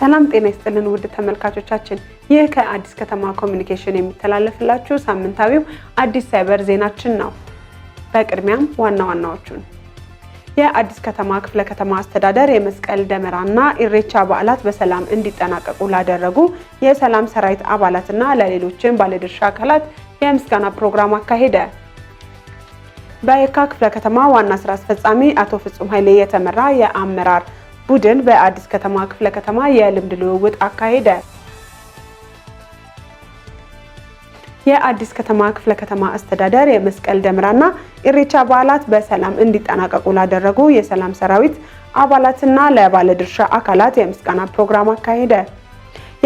ሰላም ጤና ይስጥልን ውድ ተመልካቾቻችን፣ ይህ ከአዲስ ከተማ ኮሚኒኬሽን የሚተላለፍላችሁ ሳምንታዊው አዲስ ሳይበር ዜናችን ነው። በቅድሚያም ዋና ዋናዎቹን የአዲስ ከተማ ክፍለ ከተማ አስተዳደር የመስቀል ደመራና ኢሬቻ በዓላት በሰላም እንዲጠናቀቁ ላደረጉ የሰላም ሰራዊት አባላትና ለሌሎችን ባለድርሻ አካላት የምስጋና ፕሮግራም አካሄደ። በየካ ክፍለ ከተማ ዋና ስራ አስፈጻሚ አቶ ፍጹም ኃይሌ የተመራ የአመራር ቡድን በአዲስ ከተማ ክፍለ ከተማ የልምድ ልውውጥ አካሄደ። የአዲስ ከተማ ክፍለ ከተማ አስተዳደር የመስቀል ደመራና ኢሬቻ በዓላት በሰላም እንዲጠናቀቁ ላደረጉ የሰላም ሰራዊት አባላትና ለባለድርሻ አካላት የምስጋና ፕሮግራም አካሄደ።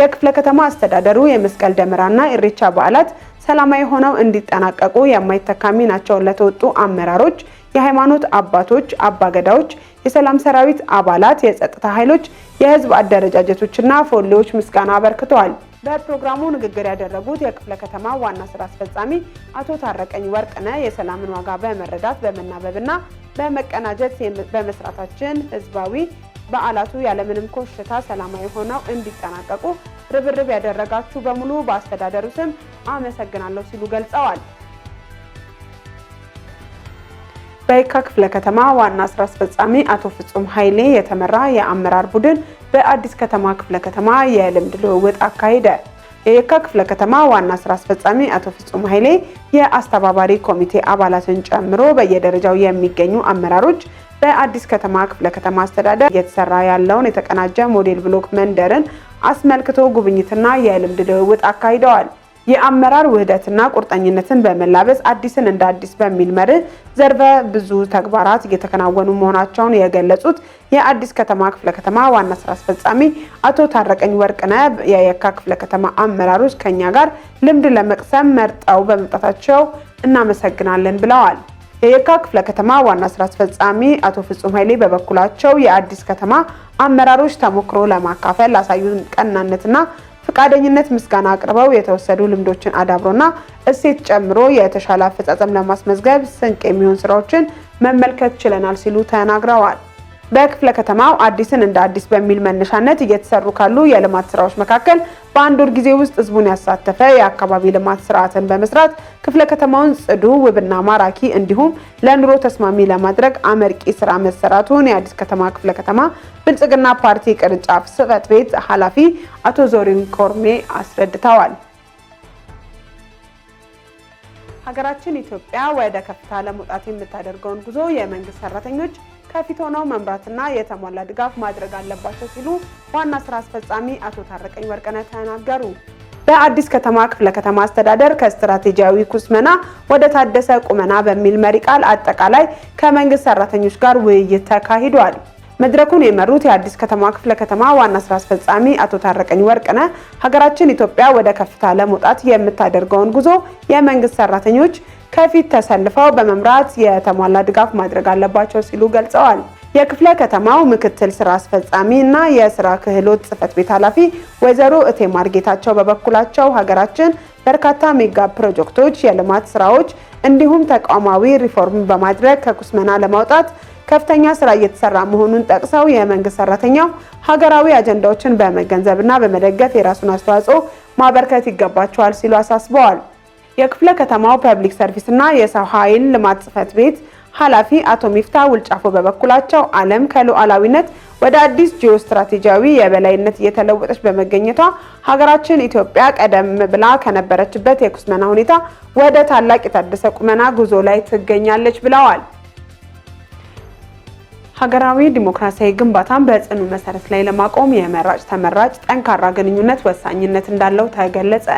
የክፍለ ከተማ አስተዳደሩ የመስቀል ደመራና ኢሬቻ በዓላት ሰላማዊ ሆነው እንዲጠናቀቁ የማይተካ ሚናቸውን ለተወጡ አመራሮች የሃይማኖት አባቶች፣ አባገዳዎች፣ የሰላም ሰራዊት አባላት፣ የጸጥታ ኃይሎች፣ የህዝብ አደረጃጀቶችና ፎሌዎች ምስጋና አበርክተዋል። በፕሮግራሙ ንግግር ያደረጉት የክፍለ ከተማ ዋና ስራ አስፈጻሚ አቶ ታረቀኝ ወርቅነ የሰላምን ዋጋ በመረዳት በመናበብና በመቀናጀት በመስራታችን ህዝባዊ በዓላቱ ያለምንም ኮሽታ ሰላማዊ ሆነው እንዲጠናቀቁ ርብርብ ያደረጋችሁ በሙሉ በአስተዳደሩ ስም አመሰግናለሁ ሲሉ ገልጸዋል። በየካ ክፍለ ከተማ ዋና ስራ አስፈጻሚ አቶ ፍጹም ኃይሌ የተመራ የአመራር ቡድን በአዲስ ከተማ ክፍለ ከተማ የልምድ ልውውጥ አካሄደ። የየካ ክፍለ ከተማ ዋና ስራ አስፈጻሚ አቶ ፍጹም ኃይሌ የአስተባባሪ ኮሚቴ አባላትን ጨምሮ በየደረጃው የሚገኙ አመራሮች በአዲስ ከተማ ክፍለ ከተማ አስተዳደር እየተሰራ ያለውን የተቀናጀ ሞዴል ብሎክ መንደርን አስመልክቶ ጉብኝትና የልምድ ልውውጥ አካሂደዋል። የአመራር ውህደትና ቁርጠኝነትን በመላበስ አዲስን እንደ አዲስ በሚል መርህ ዘርፈ ብዙ ተግባራት እየተከናወኑ መሆናቸውን የገለጹት የአዲስ ከተማ ክፍለ ከተማ ዋና ስራ አስፈጻሚ አቶ ታረቀኝ ወርቅነ የየካ ክፍለ ከተማ አመራሮች ከኛ ጋር ልምድ ለመቅሰም መርጠው በመምጣታቸው እናመሰግናለን ብለዋል። የየካ ክፍለ ከተማ ዋና ስራ አስፈጻሚ አቶ ፍጹም ኃይሌ በበኩላቸው የአዲስ ከተማ አመራሮች ተሞክሮ ለማካፈል ላሳዩን ቀናነትና ፈቃደኝነት ምስጋና አቅርበው የተወሰዱ ልምዶችን አዳብሮና እሴት ጨምሮ የተሻለ አፈጻጸም ለማስመዝገብ ስንቅ የሚሆን ስራዎችን መመልከት ችለናል ሲሉ ተናግረዋል። በክፍለ ከተማው አዲስን እንደ አዲስ በሚል መነሻነት እየተሰሩ ካሉ የልማት ስራዎች መካከል በአንድ ወር ጊዜ ውስጥ ህዝቡን ያሳተፈ የአካባቢ ልማት ስርዓትን በመስራት ክፍለ ከተማውን ጽዱ፣ ውብና ማራኪ እንዲሁም ለኑሮ ተስማሚ ለማድረግ አመርቂ ስራ መሰራቱን የአዲስ ከተማ ክፍለ ከተማ ብልጽግና ፓርቲ ቅርንጫፍ ስፈት ቤት ኃላፊ አቶ ዞሪን ኮርሜ አስረድተዋል። ሀገራችን ኢትዮጵያ ወደ ከፍታ ለመውጣት የምታደርገውን ጉዞ የመንግስት ሰራተኞች ከፊት ሆነው መምራትና የተሟላ ድጋፍ ማድረግ አለባቸው ሲሉ ዋና ስራ አስፈጻሚ አቶ ታረቀኝ ወርቅነህ ተናገሩ። በአዲስ ከተማ ክፍለ ከተማ አስተዳደር ከስትራቴጂያዊ ኩስመና ወደ ታደሰ ቁመና በሚል መሪ ቃል አጠቃላይ ከመንግስት ሰራተኞች ጋር ውይይት ተካሂዷል። መድረኩን የመሩት የአዲስ ከተማ ክፍለ ከተማ ዋና ስራ አስፈጻሚ አቶ ታረቀኝ ወርቅነህ ሀገራችን ኢትዮጵያ ወደ ከፍታ ለመውጣት የምታደርገውን ጉዞ የመንግስት ሰራተኞች ከፊት ተሰልፈው በመምራት የተሟላ ድጋፍ ማድረግ አለባቸው ሲሉ ገልጸዋል። የክፍለ ከተማው ምክትል ስራ አስፈጻሚ እና የስራ ክህሎት ጽህፈት ቤት ኃላፊ ወይዘሮ እቴማር ጌታቸው በበኩላቸው ሀገራችን በርካታ ሜጋ ፕሮጀክቶች፣ የልማት ስራዎች እንዲሁም ተቋማዊ ሪፎርም በማድረግ ከኩስመና ለማውጣት ከፍተኛ ስራ እየተሰራ መሆኑን ጠቅሰው የመንግስት ሰራተኛው ሀገራዊ አጀንዳዎችን በመገንዘብና በመደገፍ የራሱን አስተዋጽኦ ማበርከት ይገባቸዋል ሲሉ አሳስበዋል። የክፍለ ከተማው ፐብሊክ ሰርቪስ እና የሰው ኃይል ልማት ጽፈት ቤት ኃላፊ አቶ ሚፍታ ውልጫፎ በበኩላቸው ዓለም ከሉዓላዊነት ወደ አዲስ ጂኦ ስትራቴጂያዊ የበላይነት እየተለወጠች በመገኘቷ ሀገራችን ኢትዮጵያ ቀደም ብላ ከነበረችበት የኩስመና ሁኔታ ወደ ታላቅ የታደሰ ቁመና ጉዞ ላይ ትገኛለች ብለዋል። ሀገራዊ ዲሞክራሲያዊ ግንባታን በጽኑ መሰረት ላይ ለማቆም የመራጭ ተመራጭ ጠንካራ ግንኙነት ወሳኝነት እንዳለው ተገለጸ።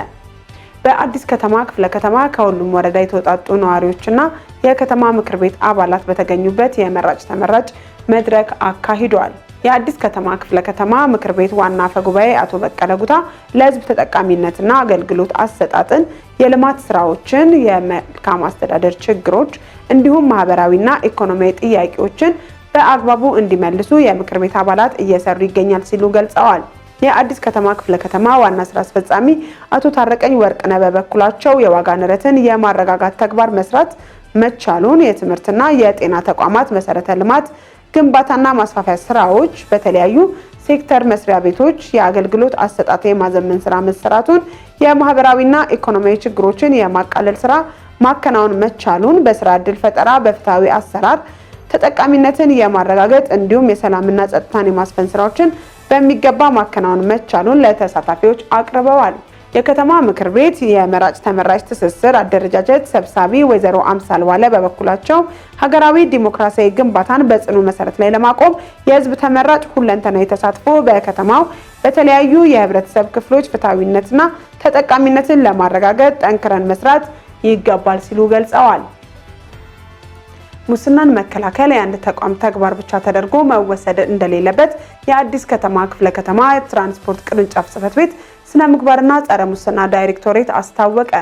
በአዲስ ከተማ ክፍለ ከተማ ከሁሉም ወረዳ የተውጣጡ ነዋሪዎችና የከተማ ምክር ቤት አባላት በተገኙበት የመራጭ ተመራጭ መድረክ አካሂዷል። የአዲስ ከተማ ክፍለ ከተማ ምክር ቤት ዋና አፈ ጉባኤ አቶ በቀለ ጉታ ለሕዝብ ተጠቃሚነትና አገልግሎት አሰጣጥን፣ የልማት ስራዎችን፣ የመልካም አስተዳደር ችግሮች እንዲሁም ማህበራዊና ኢኮኖሚያዊ ጥያቄዎችን በአግባቡ እንዲመልሱ የምክር ቤት አባላት እየሰሩ ይገኛል ሲሉ ገልጸዋል። የአዲስ ከተማ ክፍለ ከተማ ዋና ስራ አስፈጻሚ አቶ ታረቀኝ ወርቅነህ በበኩላቸው የዋጋ ንረትን የማረጋጋት ተግባር መስራት መቻሉን የትምህርትና የጤና ተቋማት መሰረተ ልማት ግንባታና ማስፋፊያ ስራዎች በተለያዩ ሴክተር መስሪያ ቤቶች የአገልግሎት አሰጣጥ የማዘመን ስራ መሰራቱን፣ የማህበራዊና ኢኮኖሚያዊ ችግሮችን የማቃለል ስራ ማከናወን መቻሉን፣ በስራ እድል ፈጠራ በፍትሐዊ አሰራር ተጠቃሚነትን የማረጋገጥ እንዲሁም የሰላምና ጸጥታን የማስፈን ስራዎችን በሚገባ ማከናወን መቻሉን ለተሳታፊዎች አቅርበዋል። የከተማ ምክር ቤት የመራጭ ተመራጭ ትስስር አደረጃጀት ሰብሳቢ ወይዘሮ አምሳል ዋለ በበኩላቸው ሀገራዊ ዲሞክራሲያዊ ግንባታን በጽኑ መሰረት ላይ ለማቆም የህዝብ ተመራጭ ሁለንተናዊ ተሳትፎ በከተማው በተለያዩ የህብረተሰብ ክፍሎች ፍትሐዊነትና ተጠቃሚነትን ለማረጋገጥ ጠንክረን መስራት ይገባል ሲሉ ገልጸዋል። ሙስናን መከላከል የአንድ ተቋም ተግባር ብቻ ተደርጎ መወሰድ እንደሌለበት የአዲስ ከተማ ክፍለ ከተማ የትራንስፖርት ቅርንጫፍ ጽፈት ቤት ስነ ምግባርና ጸረ ሙስና ዳይሬክቶሬት አስታወቀ።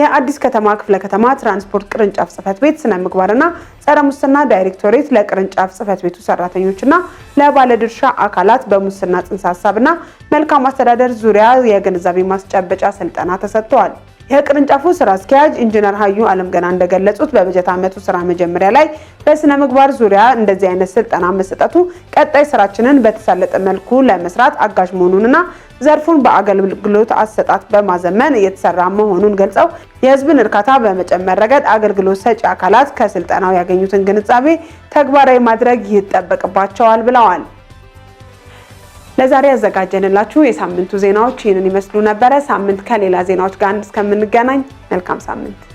የአዲስ ከተማ ክፍለ ከተማ ትራንስፖርት ቅርንጫፍ ጽፈት ቤት ስነ ምግባርና ጸረ ሙስና ዳይሬክቶሬት ለቅርንጫፍ ጽፈት ቤቱ ሰራተኞችና ለባለድርሻ አካላት በሙስና ጽንሰ ሀሳብና መልካም አስተዳደር ዙሪያ የግንዛቤ ማስጨበጫ ስልጠና ተሰጥተዋል። የቅርንጫፉ ስራ አስኪያጅ ኢንጂነር ሀዩ አለም ገና እንደገለጹት በበጀት ዓመቱ ስራ መጀመሪያ ላይ በስነ ምግባር ዙሪያ እንደዚህ አይነት ስልጠና መሰጠቱ ቀጣይ ስራችንን በተሳለጠ መልኩ ለመስራት አጋዥ መሆኑንና ዘርፉን በአገልግሎት አሰጣት በማዘመን እየተሰራ መሆኑን ገልጸው የህዝብን እርካታ በመጨመር ረገድ አገልግሎት ሰጪ አካላት ከስልጠናው ያገኙትን ግንዛቤ ተግባራዊ ማድረግ ይጠበቅባቸዋል ብለዋል። ለዛሬ ያዘጋጀንላችሁ የሳምንቱ ዜናዎች ይህንን ይመስሉ ነበረ። ሳምንት ከሌላ ዜናዎች ጋር እስከምንገናኝ መልካም ሳምንት